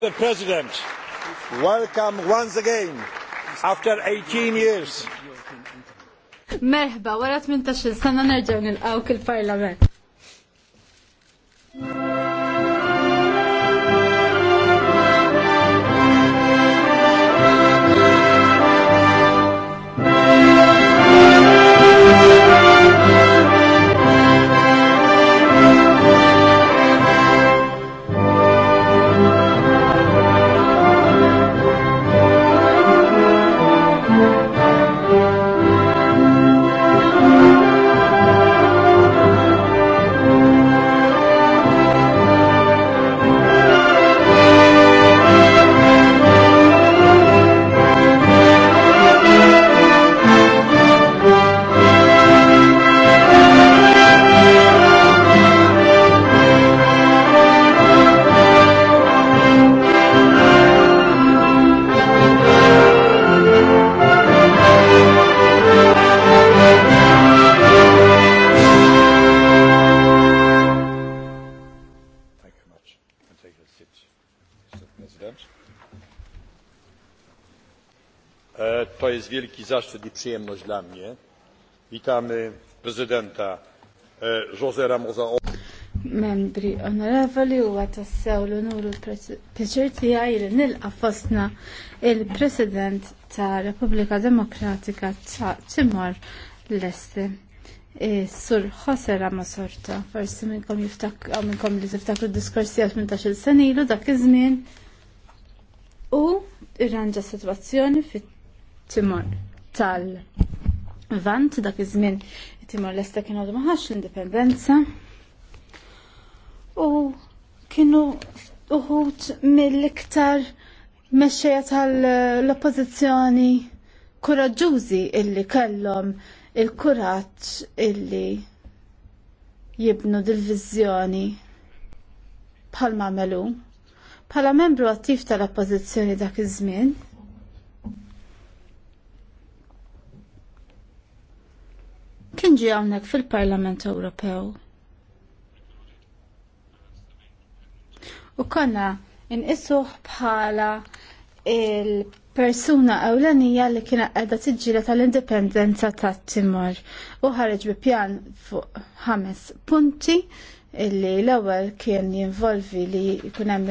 Mr. President, welcome once again after 18 years. Merħba, wara 18 sena nerġgħu nilqgħu il parlament zaszczyt i przyjemność dla mnie. Witamy prezydenta e, José Ramosa Membri onorevoli u għatassew l-onuru l tijaj li nilqa fostna il-President ta' Repubblika Demokratika ta' Timor l-Este. E, Sur Jose Ramasorta, forsi minnkom jiftak, minnkom li l diskorsi għat minn taċil senilu dak iż-żmien u irranġa situazzjoni fit-Timor tal-Vant dak iż-żmien Timor Leste kienu għadu maħax l-indipendenza u kienu uħut mill-iktar mexxejja tal-oppożizzjoni kuraġġużi illi kellhom il-kuraġġ illi jibnu dil vizjoni bħal Melu, Bħala membru attiv tal-oppożizzjoni dak iż-żmien, kien ġi hawnhekk fil-Parlament Ewropew. U konna inqisuh bħala il-persuna ewlenija li kien qiegħda tiġġiela tal-indipendenza tat-Timor u ħareġ bi pjan fuq ħames punti illi l-ewwel kien jinvolvi li jkun hemm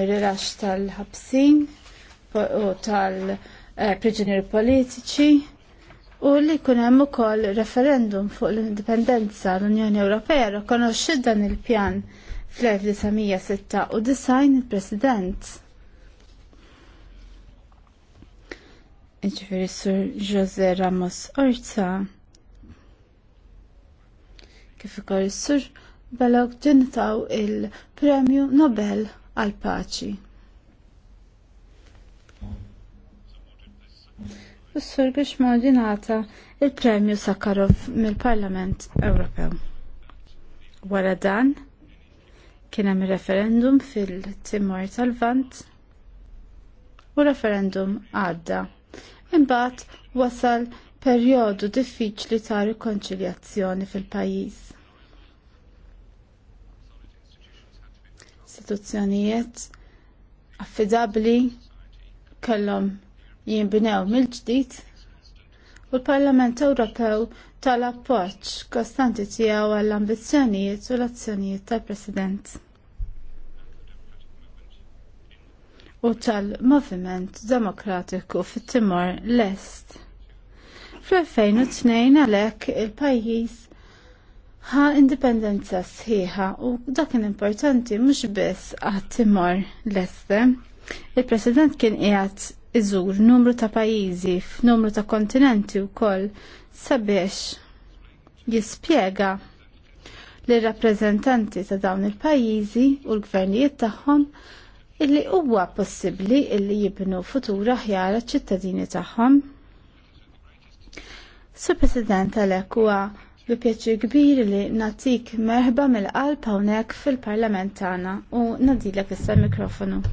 tal-ħabsin u tal-priġunieri eh, politiċi u li kun hemm ukoll referendum fuq l-indipendenza l-Unjoni Ewropea rikonoxxi dan il-pjan fl-1906 u design il-President. Iġifieri Sur Jose Ramos Orza kif ukoll is-Sur Balog ġintaw il-Premju Nobel għal paċi u s-sur biex modinata il-premju Sakharov mill-Parlament Ewropew. Wara dan, kien hemm referendum fil-Timor tal-Vant u referendum għadda. Imbagħad wasal perjodu diffiċli ta' rikonċiljazzjoni fil-pajjiż. Situzzjonijiet affidabbli kellhom jimbinew mill-ġdid u l-Parlament Ewropew tal-appoġġ kostanti tiegħu għall-ambizzjonijiet u l-azzjonijiet tal-President. u tal-Moviment Demokratiku fit-Timor l-Est. Fl-2002 għalhekk il-pajjiż ħa indipendenza sħiħa u dak kien importanti mhux biss għat-Timor l-Est. Il-President kien qiegħed iżur numru ta' pajjiżi f'numru ta' kontinenti wkoll sabiex jispjega li rappreżentanti ta' dawn il-pajjiżi u l-gvernijiet tagħhom illi huwa possibbli illi jibnu futura aħjar ċittadini tagħhom. Sur President għalhekk huwa bi pjaċir kbir li natik merħba mill-qalb hawnhekk fil-Parlament tagħna u nadilek issa l-mikrofonu.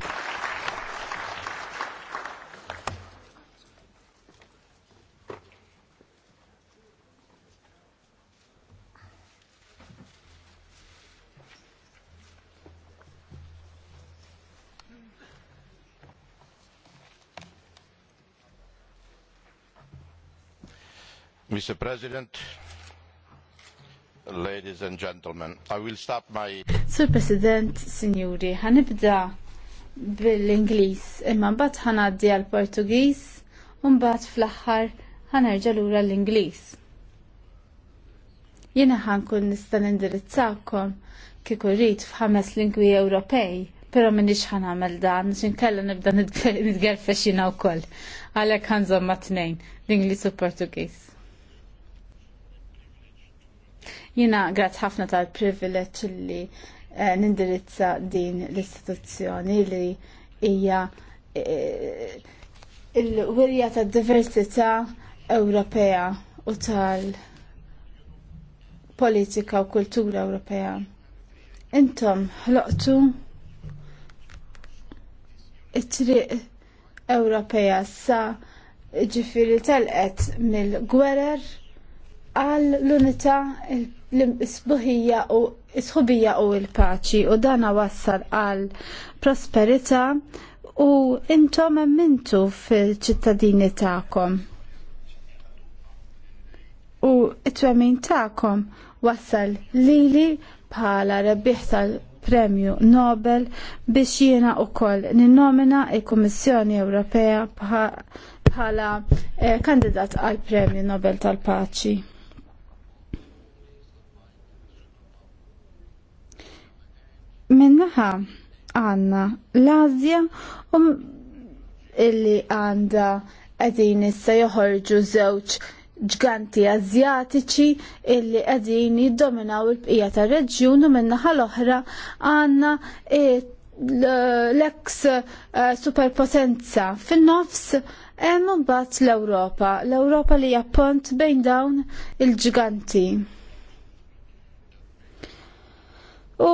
Mr. President, ladies and gentlemen, I will start my... Sir President, signori, ħanibda bil-Inglis, imma mbagħad ħanaddi għal-Portugiż, u mbagħad fl-aħħar ħanerġa' lura l-Ingliż. Jiena ħankun nista' nindirizzakom kieku rrid f'ħames lingwi Ewropej, però ħan nagħmel dan, x'inkella nibda nitgerfex jiena wkoll. Għalhekk ħanżomma tnejn, l-Ingliż u Portugiż. Jina grat ħafna tal-privileġġ li eh, nindirizza din l-istituzzjoni li hija eh, il-wirja tad diversità Ewropea u tal-politika u kultura Ewropea. Intom ħloqtu it-triq Ewropea sa ġifiri tal-qed mill-gwerer għal l-unità il l-isbuħija u isħubija u l-paċi u dana wassal għal prosperita u intom mintu fil-ċittadini ta'kom. U it-twemmin ta'kom wassal lili bħala rebbieħ tal-Premju Nobel biex jiena u koll ninnomina il-Kommissjoni Ewropea bħala eh, kandidat għal-Premju Nobel tal-Paċi. minnaħa għanna l-Azja u um, illi għanda għedin issa joħorġu żewġ ġganti azjatiċi illi għedin jiddominaw il-bqija ta' reġjun u minnaħa l-oħra għanna l-eks eh, superpotenza fin-nofs hemm mbagħad l-Ewropa, l-Ewropa li jappont bejn dawn il-ġiganti. U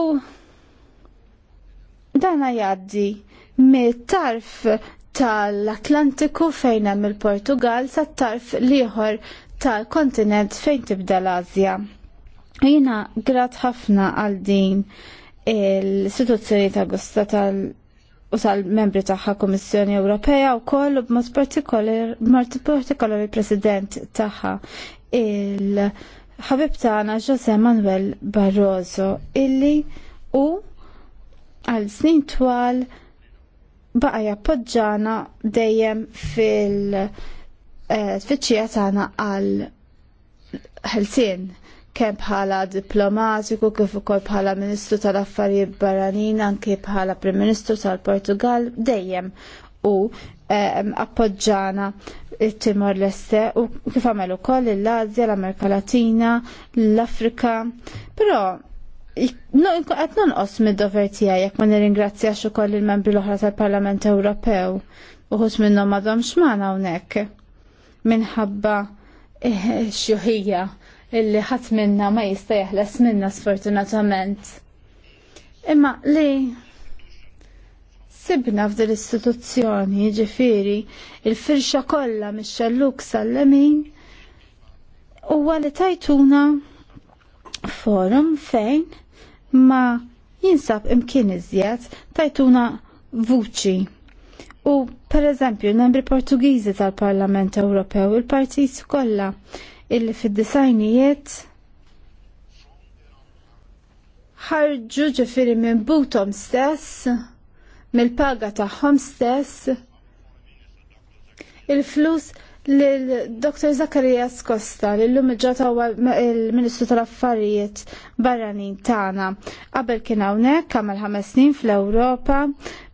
dana jaddi mit-tarf tal-Atlantiku fejn hemm il-Portugal sat-tarf liħor tal-kontinent fejn tibda l-Azja. Jina grat ħafna għal din l-istituzzjoni ta' gusta tal- u tal-membri tagħha Komissjoni Ewropea u koll u b'mod partikolari president tagħha il-ħabib tagħna Jose Manuel Barroso illi u għal snin twal baqa jappoġġana dejjem fil-tfittxija eh, tagħna għal ħelsien kemm bħala diplomatiku kif ukoll bħala Ministru tal-Affarijiet Barranin anke bħala Prim Ministru tal-Portugal dejjem u eh, appoġġana t timor Leste u kif għamel ukoll il-Azja, l-Amerika Latina, l-Afrika, però għat nonqos mid-dover tijaj jek ma nir-ingrazzja xukoll il-membri l-oħra tal-Parlament Ewropew uħus minnom madhom xmana unek minħabba eh, xjuħija illi ħat minna ma jista jeħles minna sfortunatament. Imma li sibna f'dil istituzzjoni ġifiri il-firxa kollha mix-xelluk sal-lemin huwa li tajtuna forum fejn ma jinsab imkien iżjed tajtuna vuċi. U per eżempju, membri Portugiżi tal-Parlament Ewropew il-partit kollha illi fid-disajnijiet ħarġu ġifiri minn butom stess, mill-paga tagħhom stess, il-flus L-Dr. Zakaria Skosta, l-lum ġata il-Ministru tal-Affarijiet barranin tana, qabel kien hawnhekk għamel ħames snin fl-Ewropa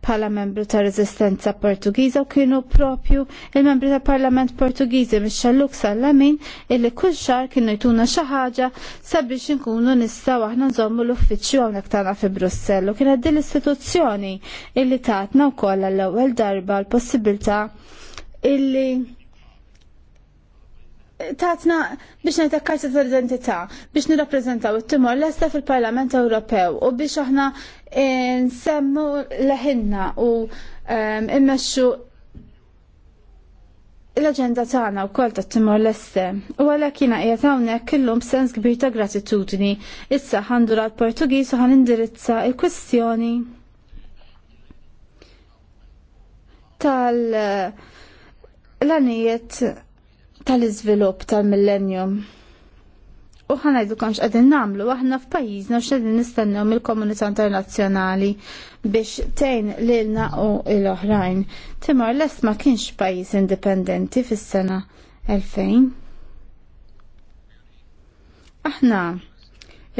bħala membru ta' Resistenza Portugiża u kienu propju il-membri ta' Parlament Portugiżi mix-xalluk lamin illi kull xar kienu jtuna xi ħaġa sabiex inkunu nistgħu aħna nżommu l-uffiċċju hawnhekk tagħna fi Brussell u kienet din l-istituzzjoni illi tatna wkoll għall-ewwel darba l-possibilità illi tatna biex ngħidlek karta tal-identità biex nirrapprezentaw it-Timor Leste fil-Parlament Ewropew u biex aħna eh, nsemmu leħinna u ehm, immexxu l-agenda tagħna wkoll ta' Timor Leste u għalhekk jiena qiegħed hawnhekk illum sens kbir ta' gratitudni. Issa ħandur għal Portugiż u ħanindirizza l-kwestjoni tal eh, l-għanijiet tal-iżvilupp tal-millennium. U ħanajdu kamx għadin namlu, aħna f'pajjiżna u xedin nistennew mill-komunità internazzjonali biex tejn lilna u l-oħrajn. Timor Lest ma kienx pajjiż indipendenti fis-sena 2000. Aħna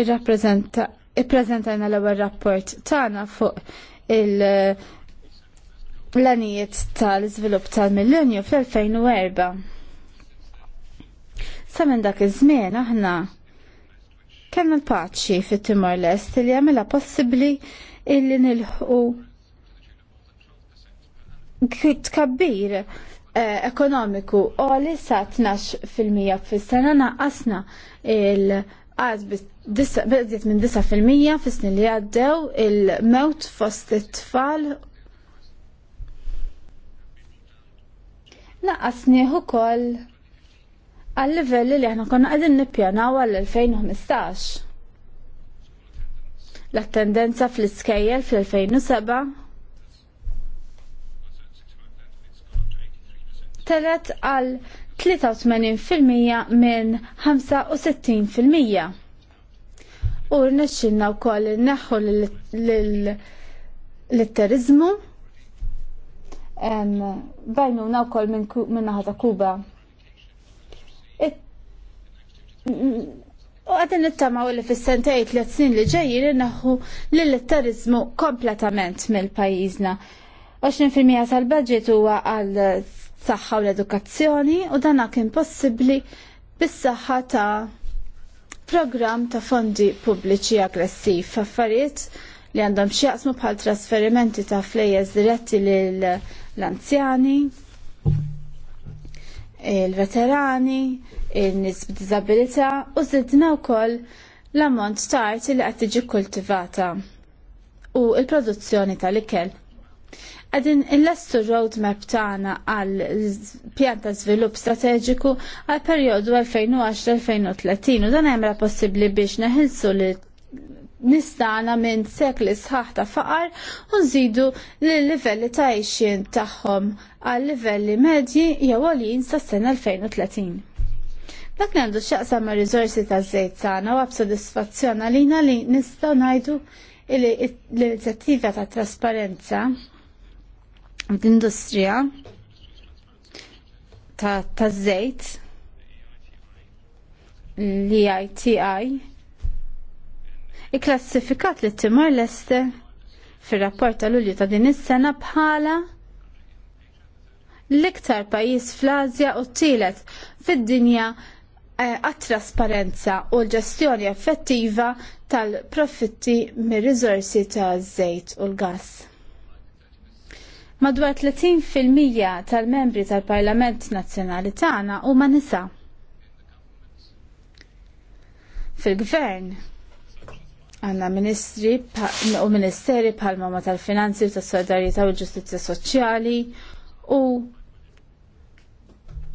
irrappreżentajna l-ewwel rapport tagħna fuq il- l-anijiet tal izvilup tal-millenju fl-2004. Sa minn dak iż-żmien aħna kellna l-paċi fit-Timor Lest li jagħmilha possibbli illi nilħu tkabbir eh, ekonomiku għoli sa 12% fil-sena mija naqqasna il- għad bizdit minn 9% fil-mija fis-snin li għaddew il-mewt fost it-tfal naqqasni ukoll għal-livelli li aħna konna qegħdin nippjanaw għal 2015 L-attendenza fl-iskejjel fl-2007 telet għal 83% minn 65%. U rnexxinna wkoll neħħu l-terrorizmu bajnuna wkoll minn naħa ta' Kuba. U għadin u li fis-sentej tliet snin li ġejjin naħu l-elettorizmu kompletament mill-pajjiżna. 20% tal-budget huwa għal saħħa u l-edukazzjoni u dan kien possibbli bis-saħħa ta' programm ta' fondi pubbliċi aggressiv affarijiet li għandhom x'jaqsmu bħal trasferimenti ta' flejjeż diretti l-anzjani, il-veterani, il-nis b'dizabilita u zidna wkoll l-ammont ta' arti li qed tiġi kultivata u il-produzzjoni tal-ikel. Għadin il-lestu roadmap tagħna għal pjan ta' żvilupp strateġiku għal perjodu 2010-2030 u dan jemra possibbli biex neħilsu li nistana minn sekli sħaħ ta' faqar u nżidu l-livelli ta' ixin tagħhom għal livelli medji jew għolin sa' s-sen 2030. Dak li għandu xaqsa ma' rizorsi ta' żejt sana u b'sodisfazzjon għalina li nistgħu ngħidu l-inizjattiva ta' trasparenza d industrija ta' żejt li iti ikklassifikat li timor leste fir-rapport tal-Ulju ta' din is-sena bħala l-iktar pajjiż fl azja u t-tielet fid-dinja eh, għat-trasparenza u l-ġestjoni effettiva tal-profitti mir-riżorsi ta' żejt u l-gass. Madwar 30% tal-membri tal-Parlament Nazzjonali tagħna huma nisa. Fil-gvern, għanna ministri u ministeri bħal ma tal-finanzi u tas-solidarieta u l-ġustizja soċjali u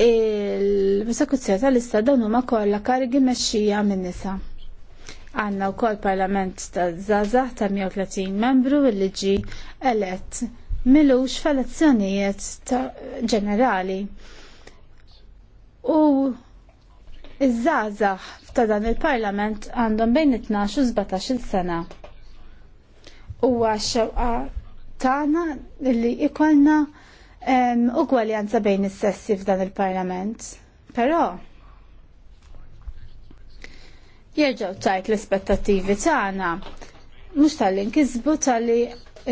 il-prosekuzzjoni tal-ista dawn huma kollha karigi mexxija minn nisa. Għanna u kol parlament tal Zaza ta' 130 membru li ġi elett milux f'elezzjonijiet ġenerali. U Iż-żgħażagħ ta' dan il-Parlament għandhom bejn 12 u 17 sena. Huwa x-xewqa tagħna li ikolna ugwaljanza bejn is-sessi f'dan il-Parlament. Però jerġgħu tajt l-ispettattivi tagħna mhux tal-inkisbu tal-li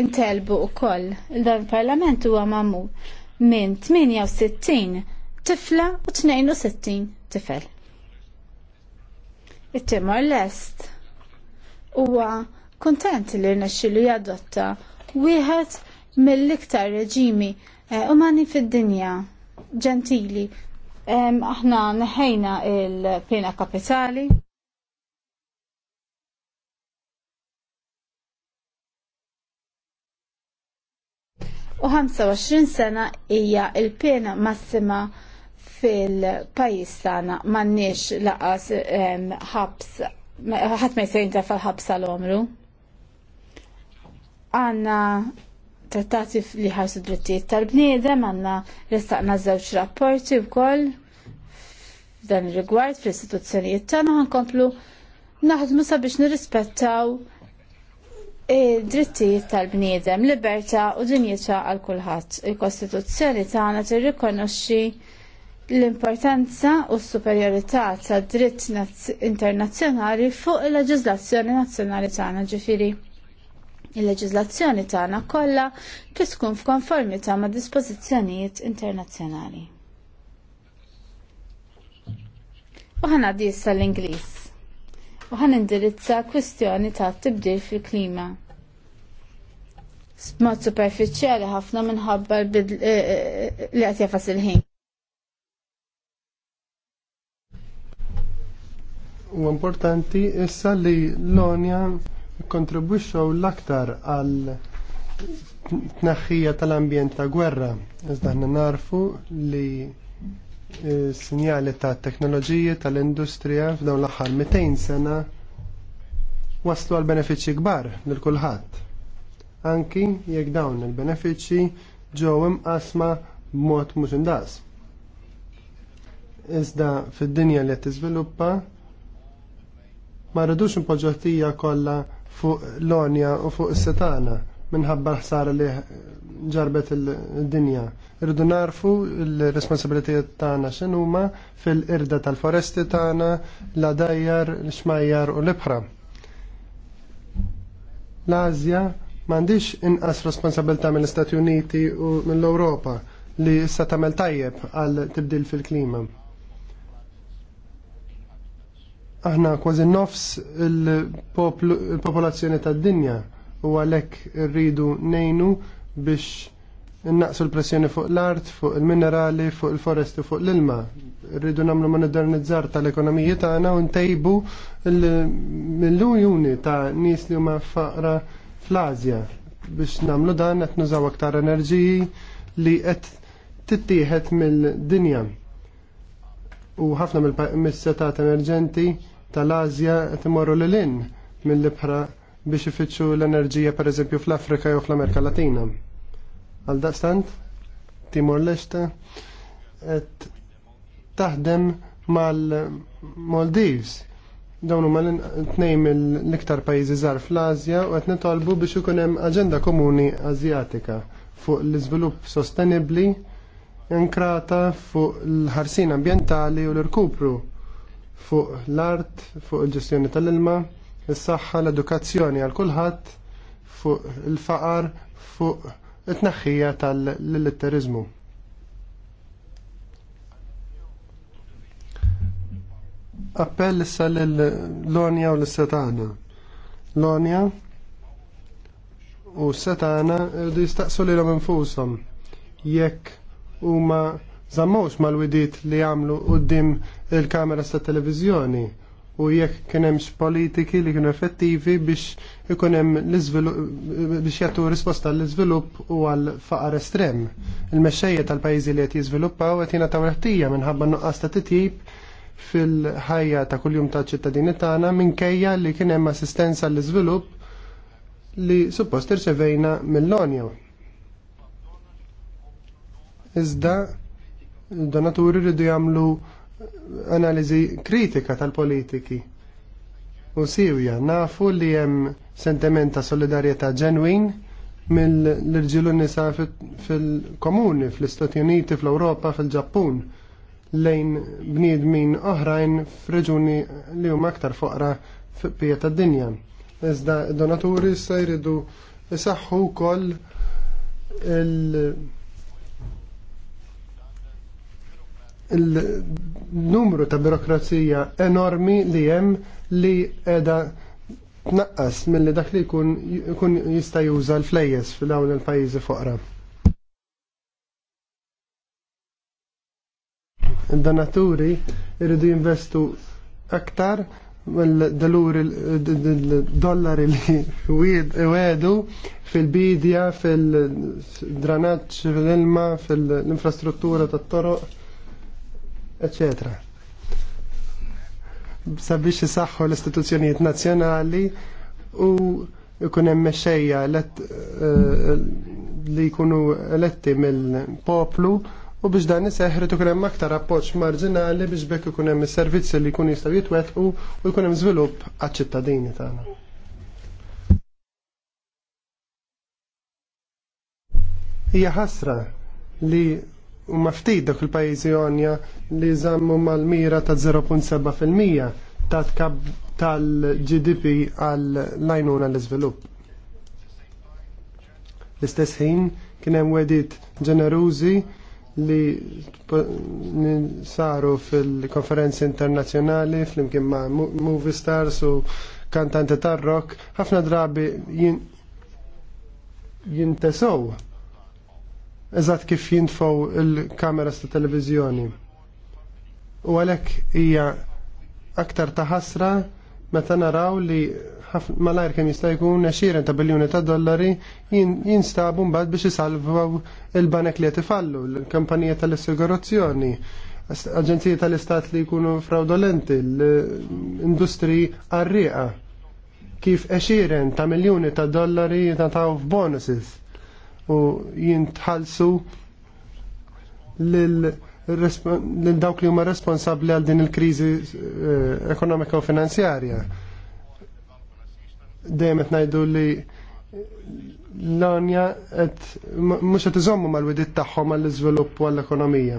intelbu wkoll. Dan il-Parlament huwa magħmul minn 68 tifla u 62 tifel it-Timor Lest huwa kontent li rnexxilu jadotta wieħed mill-iktar reġimi eh, umani fid-dinja ġentili. Aħna neħejna il-pena kapitali. U 25 sena hija il-pena massima fil-pajis tagħna m'għandniex laqas ħabs ħadd ma jsejn taf ħabs għall-omru. Għandna trattati li ħarsu drittijiet tal-bniedem, għandna restaqna żewġ rapporti wkoll f'dan ir-rigward fl-istituzzjonijiet tagħna ħankomplu naħdmu sabiex nirrispettaw drittijiet tal-bniedem, libertà u dinjità għal kulħadd. Il-Kostituzzjoni tagħna tirrikonoxxi l-importanza u s-superjorità ta' dritt internazzjonali fuq il-leġizlazzjoni nazzjonali tagħna ġifiri il-leġizlazzjoni tagħna kollha kif tkun f'konformità ma' dispożizzjonijiet internazzjonali. U ħana issa l-Ingliż. U ħan indirizza kwistjoni ta' tibdil fil-klima. Mod superfiċjali ħafna minħabba eh, eh, eh, li qed jafas il-ħin. u importanti issa li l-onja kontribwixxew l-aktar għal tnaħħija tal-ambjent ta' gwerra. Iżda aħna narfu li eh, sinjali ta' teknoloġiji tal-industrija f'dawn l-aħħar 200 sena waslu għal benefiċċji kbar lil kulħadd. Anki jekk dawn il-benefiċċji ġew imqasma b'mod mhux indaqs. Iżda fid-dinja li qed tiżviluppa ma rridux impoġġottija kollha fuq l-onja u fuq is-setana minħabba l-ħsara li ġarbet il-dinja. Rridu narfu l-responsabilitiet tagħna x'inhuma fil-irda tal-foresti tagħna, l dajjar, l-xmajjar u l-ibħra. L-Azja m'għandix inqas responsabilità mill-Istati Uniti u mill-Ewropa li issa tagħmel tajjeb għal tibdil fil-klima aħna kważi nofs il-popolazzjoni il tad-dinja u għalhekk rridu nejnu biex innaqsu l-pressjoni fuq l-art, fuq il-minerali, fuq il-foresti, fuq l-ilma. Rridu namlu modernizzar tal-ekonomiji tagħna u ntejbu l-miljuni ta' nies li huma faqra fl azja biex namlu dan qed nużaw aktar enerġiji li qed tittieħed mill-dinja u ħafna mill-setat emerġenti tal-Azja timorru l lin mill-libħra biex ifittxu l-enerġija pereżempju fl-Afrika jew fl-Amerika Latina. Għal daqstant, Timor Leste qed taħdem mal-Maldives dawn huma tnejn mill-iktar pajjiżi żgħar fl-Asja u qed nitolbu biex ikun hemm aġenda komuni Asjatika fuq l-iżvilupp sostenibbli nkrata fuq l-ħarsin ambjentali u l-irkupru fuq l-art, fuq il-ġestjoni tal-ilma, is-saħħa, l-edukazzjoni għal kulħadd, fuq il-faqar, fuq it-tnaħħija tal-litterizmu. Appell issa l-Lonja u l-Setana. Lonja u s Setana jistaqsu li l Jekk u ma zammawx mal-widit li għamlu qoddim il-kameras sta televizjoni u jekk kien politiki li kienu effettivi biex ikun hemm biex jagħtu risposta għall iżvilupp u għal faqar estrem. Il-mexxejja tal-pajjiżi li qed jiżviluppaw qed ta' taw minħabba nuqqas ta' titjib fil-ħajja ta' kuljum ta' ċittadini tagħna minkejja li kien hemm assistenza għall iżvilupp li suppost irċevejna mill-Onja iżda donaturi rridu jagħmlu analiżi kritika tal-politiki. U siwja, nafu li hemm sentiment ta' solidarjetà ġenwin mill u nisa fil-komuni, fl-Istati Uniti, fl ewropa fil-Ġappun, lejn bniedmin oħrajn f'reġuni li huma aktar foqra fil tad dinja Iżda donaturi se jridu isaħħu wkoll il- il-numru ta' birokrazija enormi li hemm li qiegħda tnaqqas milli dak li jkun jista' juża l-flejjes fil-dawn il-pajjiżi foqra. Id-donaturi jridu jinvestu aktar mill-daluri dollari li wedu fil-bidja, fil-dranaċ, fil-ilma, fil-infrastruttura tat-toroq eccetera. Sabiex isaħħu l-istituzzjonijiet nazzjonali u ikun hemm mexxejja eh, li jkunu eletti mill-poplu u biex dan iseħħri ikun hemm aktar appoġġ marġinali biex bekk ikun hemm is-servizzi li jkunu jistgħu jitwettqu u jkun hemm żvilupp għaċ-ċittadini tagħna. Hija ħasra li u maftit dak il pajjiżi onja li żammu mal-mira ta' 0.7% ta' tkab tal-GDP għal-lajnuna l iżvilupp L-istess ħin kien hemm wedit ġenerużi li saru fil-konferenzi internazzjonali flimkien ma' movie stars u kantanti tar-rock ħafna drabi jintesow eżatt kif jintfgħu il-kameras ta' televiżjoni. U għalhekk hija aktar ta' ħasra meta naraw li malajr kemm jista' jkun ta' biljuni ta' dollari jinstabu mbagħad biex isalvaw il-banek li qed ifallu, l-kampanija tal-assigurazzjoni, aġenziji tal-istat li jkunu fraudolenti, l-industri għarriqa, kif eċiren ta' miljuni ta' dollari ta' f'bonuses u jintħalsu lil dawk li huma responsabbli għal din il-kriżi eh, ekonomika u finanzjarja. Dejjem qed ngħidu li l-Anja qed mhux qed iżommu mal widiet tagħhom għall-iżvilupp u għall-ekonomija.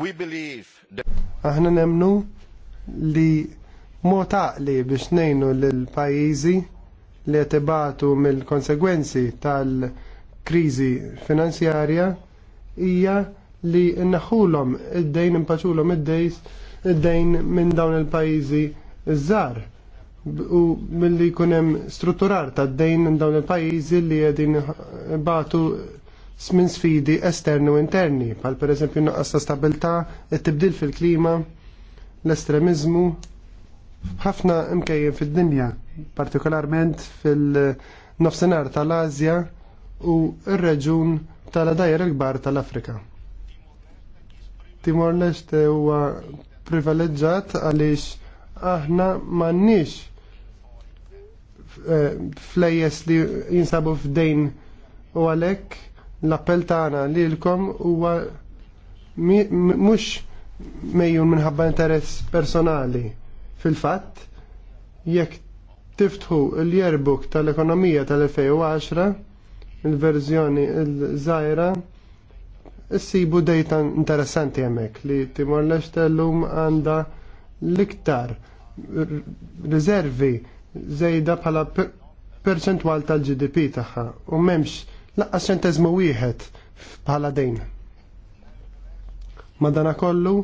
We believe that... Aħna nemnu li mod għaqli biex ngħinu lill-pajjiżi li qed ibatu mill-konsegwenzi tal-kriżi finanzjarja hija li naħulom id-dejn impaċulhom id-dejn minn dawn il-pajjiżi zzar żar u mill-li kunem strutturar ta' d-dejn minn dawn il-pajizi li għedin batu minn sfidi esterni u interni, pal per eżempju naqqas ta' stabilta, it tibdil fil-klima, l-estremizmu, Ħafna imkejjem fid-dinja, partikolarment fil-nofsenar tal-Azja u r-reġun tal-adajer il-kbar tal-Afrika. Timor-Leste huwa privileġġat għaliex aħna m'għandniex eh, flejjes li jinsabu f'dejn u għalhekk l-appell tagħna lilkom huwa mhux mejjun minħabba interess personali Fil-fatt, jekk tiftħu l-yearbook tal-ekonomija tal-2010, il-verżjoni l-żajra, issibu dejta interessanti hemmhekk li Timor Leste llum għandha l-iktar riservi żejda bħala perċentwal tal-GDP tagħha u m'hemmx laqqas ċentezmu wieħed bħala dejn. Madana kollu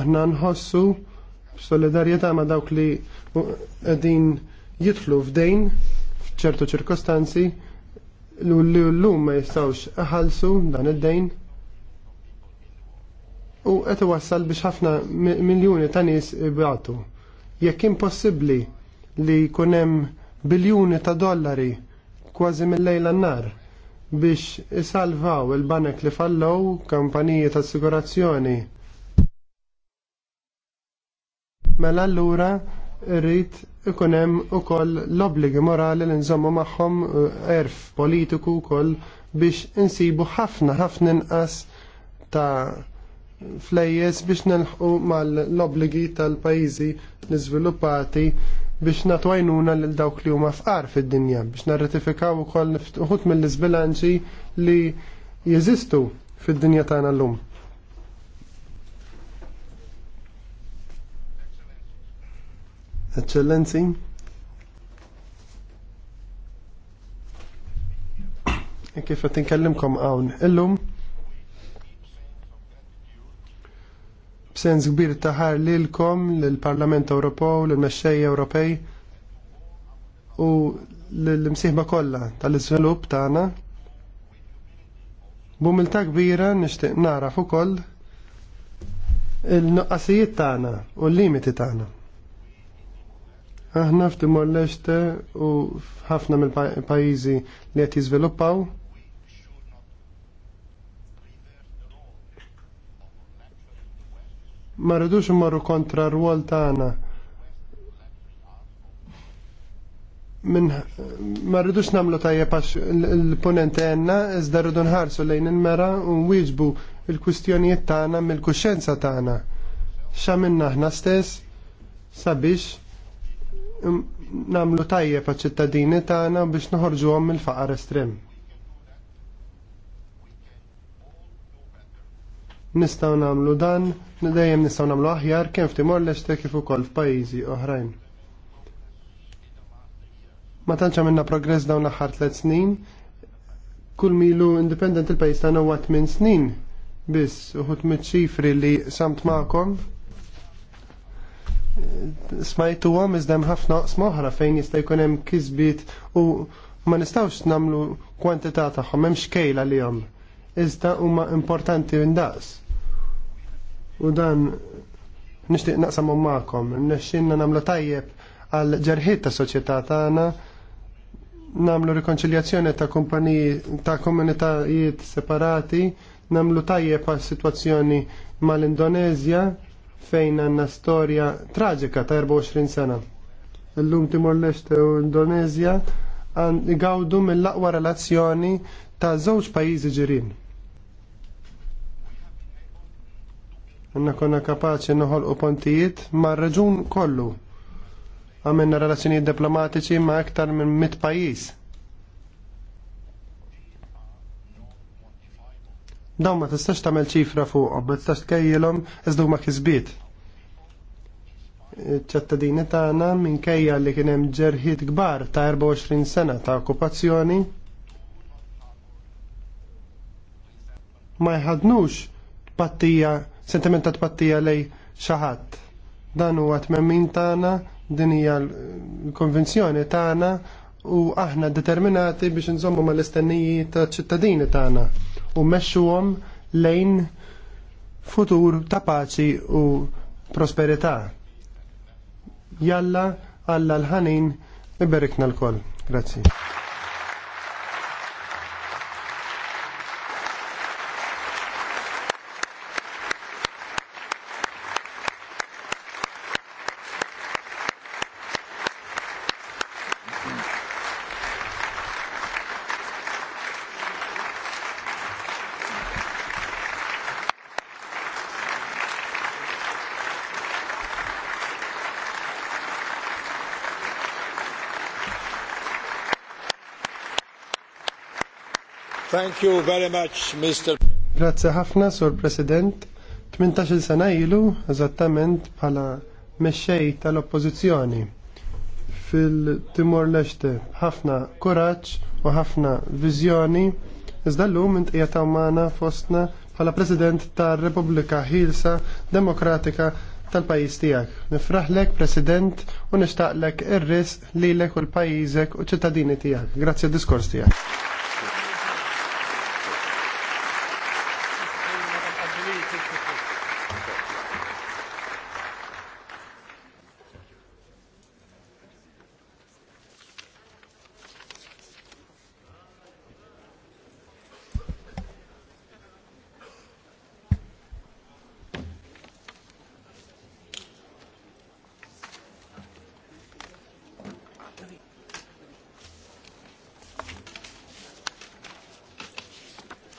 aħna nħossu solidarieta ma' dawk li qegħdin jitlu f'dejn f'ċertu ċirkostanzi li llum ma jistgħux ħalsu dan id-dejn u qed iwassal biex ħafna miljuni ta' nies ibgħatu. Jekk impossibbli li jkun hemm biljuni ta' dollari kważi mill-lejla n-nar biex isalvaw il-banek li fallow, kampaniji ta' assigurazzjoni Mela allura rrit ikun hemm ukoll l-obbligi morali li nżommu magħhom eh, erf politiku wkoll biex insibu ħafna ħafna inqas ta' flejjes biex nelħqu mal-obbligi tal-pajjiżi l-iżviluppati biex natwajnuna lil dawk li huma fqar fid-dinja biex narratifikaw ukoll uħut mill-isbilanċi li jeżistu fid-dinja tagħna llum. Eccellenzi. E kif qed inkellimkom hawn illum b'sens kbir taħar lilkom lill-Parlament Ewropew, lill-Mexxej Ewropej u lill imsieħba kollha tal-iżvilupp tagħna. Bumilta kbira nixtieq naraf ukoll il-nuqqasijiet tagħna u l-limiti tagħna. Aħna f'Timor Leste u f'ħafna mill-pajjiżi li qed jiżviluppaw ma rridux immorru kontra r-rwol tagħna. Min, ma rridux nagħmlu tajjeb għax l-ponente għenna, iżda rridu nħarsu lejn il-mera u nwieġbu il-kwistjonijiet tagħna mill-kuxjenza tagħna. X'għamilna aħna stess sabiex namlu tajje pa' ċittadini tagħna biex għom mill-faqar estrem. Nistgħu nagħmlu dan, dejjem nistgħu nagħmlu aħjar kemm f'Timor Leste kif ukoll f'pajjiżi oħrajn. Ma tantx għamilna progress dawn l-aħħar tliet snin, kull milu indipendent il-pajjiż tagħna għat minn snin biss uħut mitċifri ċifri li samt magħkom smajtu għom izdem ħafna smoħra fejn jista' jkun hemm kisbiet u ma nistawx namlu kwantità tagħhom hemm xkejla li jom. Iżda huma importanti ndaqs. U dan nixtieq naqsam magħkom, nexxinna nagħmlu tajjeb għal ġerħiet ta' soċjetà tagħna namlu rikonċiljazzjoni ta' kumpaniji ta' komunitajiet separati, namlu tajjeb għal situazzjoni mal-Indonezja, fejn għanna storja traġika ta' 24 sena. L-lum Timor Leste u Indonezja għawdu mill-aqwa relazzjoni ta' żewġ pajjiżi ġirin. Għanna konna kapaċi noħolqu pontijiet ma' reġun kollu. Għamilna relazzjoni diplomatiċi ma' aktar minn mit pajjiż Dawn ma tistax tagħmel ċifra fuqhom, ma tistax tkejjilhom iżda huma kisbiet. Ċ-ċittadini tagħna minkejja li kien hemm ġerħiet kbar ta' 24 sena ta' okkupazzjoni ma jħadnux pattija, sentiment ta' tpattija lej ħadd. Dan huwa tmemmin tagħna, din hija l-konvenzjoni tagħna u aħna determinati biex nżommu mal-istennijiet ta' ċittadini tagħna u għom lejn futur ta' paċi u prosperità. Jalla Alla l-ħanin iberikna l kol Grazie. Thank you very much, Mr. Grazie ħafna, Sur President. 18 sena ilu, eżattament bħala mexxej tal-oppożizzjoni fil-Timor Leste ħafna kuraġġ u ħafna viżjoni. Iżda llum int ta' umana fostna bħala President tar-Repubblika Ħilsa Demokratika tal-pajjiż tiegħek. Nifraħlek President u nishtaqlek ir-risq lilek u l-pajjiżek u ċittadini tiegħek. Grazie diskors tiegħek.